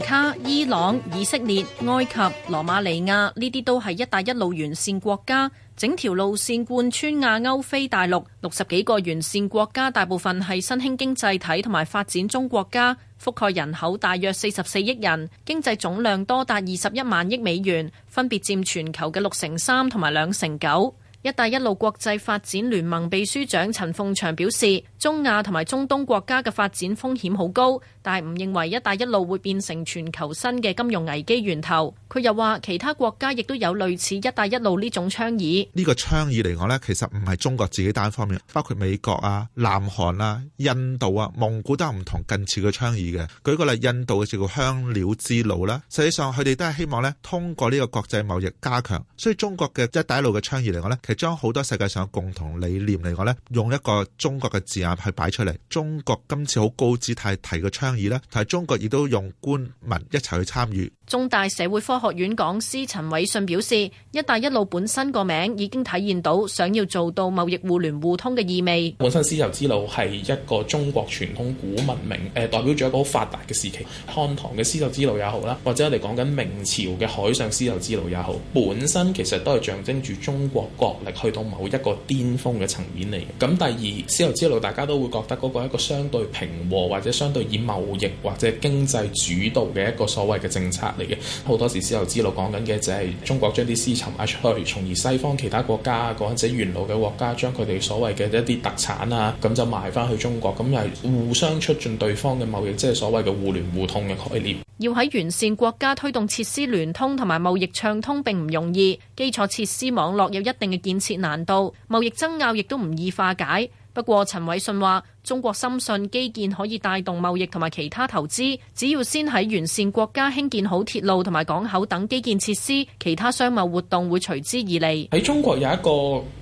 卡、伊朗、以色列、埃及、羅馬尼亞，呢啲都係一帶一路沿線國家，整條路線貫穿亞歐非大陸，六十幾個沿線國家，大部分係新興經濟體同埋發展中國家，覆蓋人口大約四十四億人，經濟總量多達二十一萬億美元，分別佔全球嘅六成三同埋兩成九。“一帶一路”國際發展聯盟秘書長陳鳳翔表示，中亞同埋中東國家嘅發展風險好高，但係唔認為“一帶一路”會變成全球新嘅金融危機源頭。佢又話，其他國家亦都有類似“一帶一路”呢種倡議。呢個倡議嚟講呢其實唔係中國自己單方面，包括美國啊、南韓啊、印度啊、蒙古都有唔同近似嘅倡議嘅。舉個例，印度嘅叫做香料之路啦，實際上佢哋都係希望呢通過呢個國際貿易加強。所以中國嘅“一帶一路”嘅倡議嚟講呢。其實。將好多世界上嘅共同理念嚟講呢，用一個中國嘅字眼去擺出嚟。中國今次好高姿態提個倡議咧，但係中國亦都用官民一齊去參與。中大社會科學院講師陳偉信表示，一帶一路本身個名已經體現到想要做到貿易互聯互通嘅意味。本身絲綢之路係一個中國傳統古文明，呃，代表住一個好發達嘅時期，漢唐嘅絲綢之路也好啦，或者我哋講緊明朝嘅海上絲綢之路也好，本身其實都係象徵住中國國力去到某一個巔峰嘅層面嚟嘅。咁第二絲綢之路，大家都會覺得嗰個係一個相對平和或者相對以貿易或者經濟主導嘅一個所謂嘅政策嚟嘅。好多時絲綢之路講緊嘅就係中國將啲絲綢賣出去，從而西方其他國家或者元老嘅國家將佢哋所謂嘅一啲特產啊，咁就賣翻去中國，咁又係互相促進對方嘅貿易，即係所謂嘅互聯互通嘅概念。要喺完善國家推動設施聯通同埋貿易暢通並唔容易，基礎設施網絡有一定嘅。建設難度，貿易爭拗亦都唔易化解。不過，陳偉信話，中國深信基建可以帶動貿易同埋其他投資，只要先喺完善國家興建好鐵路同埋港口等基建設施，其他商貿活動會隨之而嚟。喺中國有一個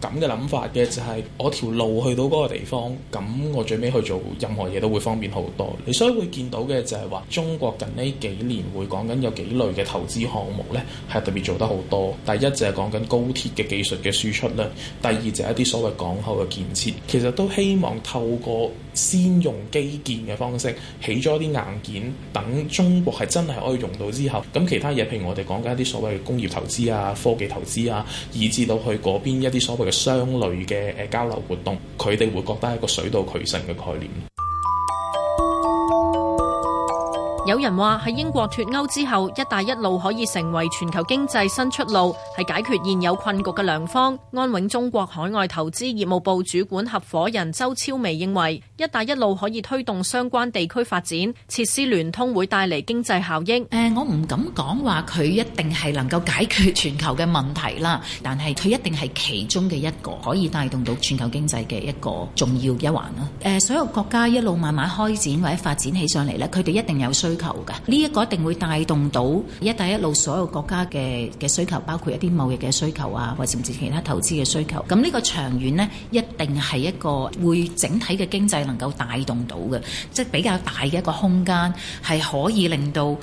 咁嘅諗法嘅，就係我條路去到嗰個地方，咁我最尾去做任何嘢都會方便好多。你所以會見到嘅就係話，中國近呢幾年會講緊有幾類嘅投資項目呢係特別做得好多。第一就係講緊高鐵嘅技術嘅輸出啦，第二就係一啲所謂港口嘅建設，其實都希望透過。先用基建嘅方式起咗一啲硬件，等中國係真係可以用到之後，咁其他嘢，譬如我哋講緊一啲所謂嘅工業投資啊、科技投資啊，以至到去嗰邊一啲所謂嘅商類嘅誒交流活動，佢哋會覺得係一個水到渠成嘅概念。有人話喺英國脫歐之後，一帶一路可以成為全球經濟新出路，係解決現有困局嘅良方。安永中國海外投資業務部主管合伙人周超微認為，一帶一路可以推動相關地區發展，設施聯通會帶嚟經濟效益。誒、呃，我唔敢講話佢一定係能夠解決全球嘅問題啦，但係佢一定係其中嘅一個，可以帶動到全球經濟嘅一個重要一環啦。誒、呃，所有國家一路慢慢開展或者發展起上嚟咧，佢哋一定有需。需求嘅，呢一個一定會帶動到一帶一路所有國家嘅嘅需求，包括一啲貿易嘅需求啊，或者甚至其他投資嘅需求。咁、這、呢個長遠咧，一定係一個會整體嘅經濟能夠帶動到嘅，即係比較大嘅一個空間，係可以令到誒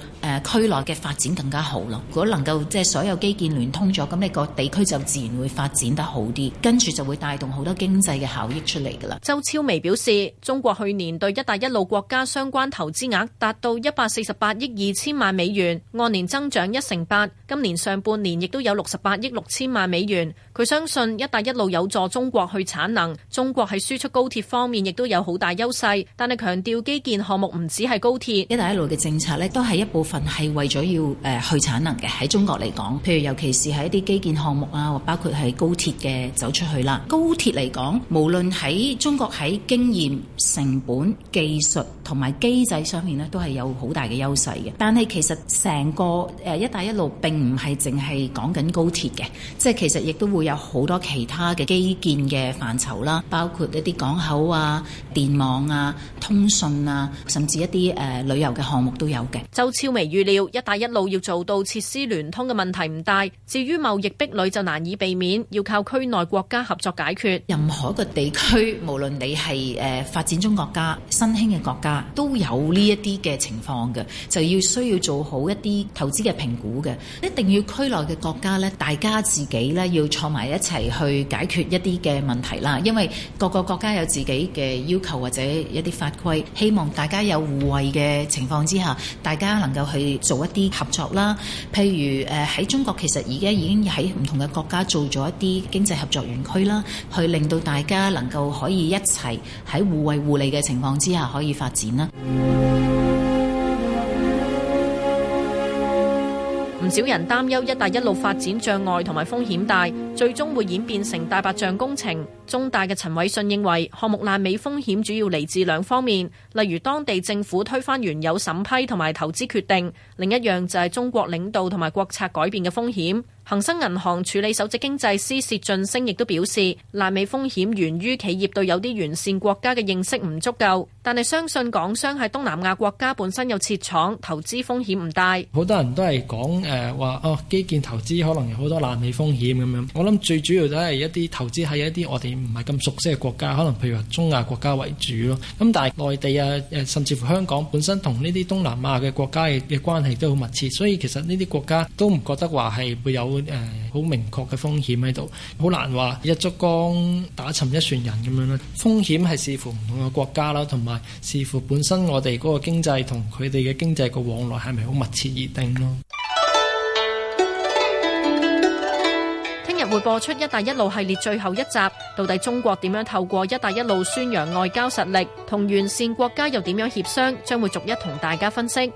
區內嘅發展更加好咯。如果能夠即係所有基建聯通咗，咁你個地區就自然會發展得好啲，跟住就會帶動好多經濟嘅效益出嚟噶啦。周超微表示，中國去年對一帶一路國家相關投資額達到一百。百四十八億二千萬美元，按年增長一成八。今年上半年亦都有六十八億六千萬美元。佢相信一帶一路有助中國去產能，中國喺輸出高鐵方面亦都有好大優勢，但係強調基建項目唔止係高鐵，一帶一路嘅政策咧，都係一部分係為咗要誒，去產能嘅，喺中國嚟講，譬如尤其是係一啲基建項目啊，或包括係高鐵嘅走出去啦。高鐵嚟講，無論喺中國在，喺經驗成本、技術同埋機制上面咧，都係有好大嘅優勢嘅。但係其實成個誒一帶一路並唔係淨係講緊高鐵嘅，即係其實亦都會。會有好多其他嘅基建嘅範疇啦，包括一啲港口啊、電網啊、通訊啊，甚至一啲誒、呃、旅遊嘅項目都有嘅。周超微預料，一帶一路要做到設施聯通嘅問題唔大，至於貿易壁壘就難以避免，要靠區內國家合作解決。任何一個地區，無論你係誒發展中國家、新興嘅國家，都有呢一啲嘅情況嘅，就要需要做好一啲投資嘅評估嘅，一定要區內嘅國家咧，大家自己咧要創。同埋一齊去解決一啲嘅問題啦，因為各個國家有自己嘅要求或者一啲法規，希望大家有互惠嘅情況之下，大家能夠去做一啲合作啦。譬如誒喺中國，其實而家已經喺唔同嘅國家做咗一啲經濟合作園區啦，去令到大家能夠可以一齊喺互惠互利嘅情況之下可以發展啦。唔少人擔憂一帶一路發展障礙同埋風險大，最終會演變成大白象工程。中大嘅陳偉信認為，項目爛尾風險主要嚟自兩方面，例如當地政府推翻原有審批同埋投資決定，另一樣就係中國領導同埋國策改變嘅風險。恒生銀行處理首席經濟師薛俊升亦都表示爛尾風險源於企業對有啲沿線國家嘅認識唔足夠，但係相信港商喺東南亞國家本身有設廠，投資風險唔大。好多人都係講，誒，話哦，基建投資可能有好多爛尾風險咁樣，我諗最主要都係一啲投資喺一啲我哋唔係咁熟悉嘅國家，可能譬如話中亞國家為主囉，咁但係內地啊，誒，甚至乎香港本身同呢啲東南亞嘅國家嘅關係都好密切，所以其實呢啲國家都唔覺得話係會有誒好明確嘅風險喺度，好難話一竹篙打沉一船人咁樣咯。風險係視乎唔同嘅國家啦，同埋視乎本身我哋嗰個經濟同佢哋嘅經濟個往來係咪好密切而定咯。聽日會播出一帶一路系列最後一集，到底中國點樣透過一帶一路宣揚外交實力，同完善國家又點樣協商，將會逐一同大家分析。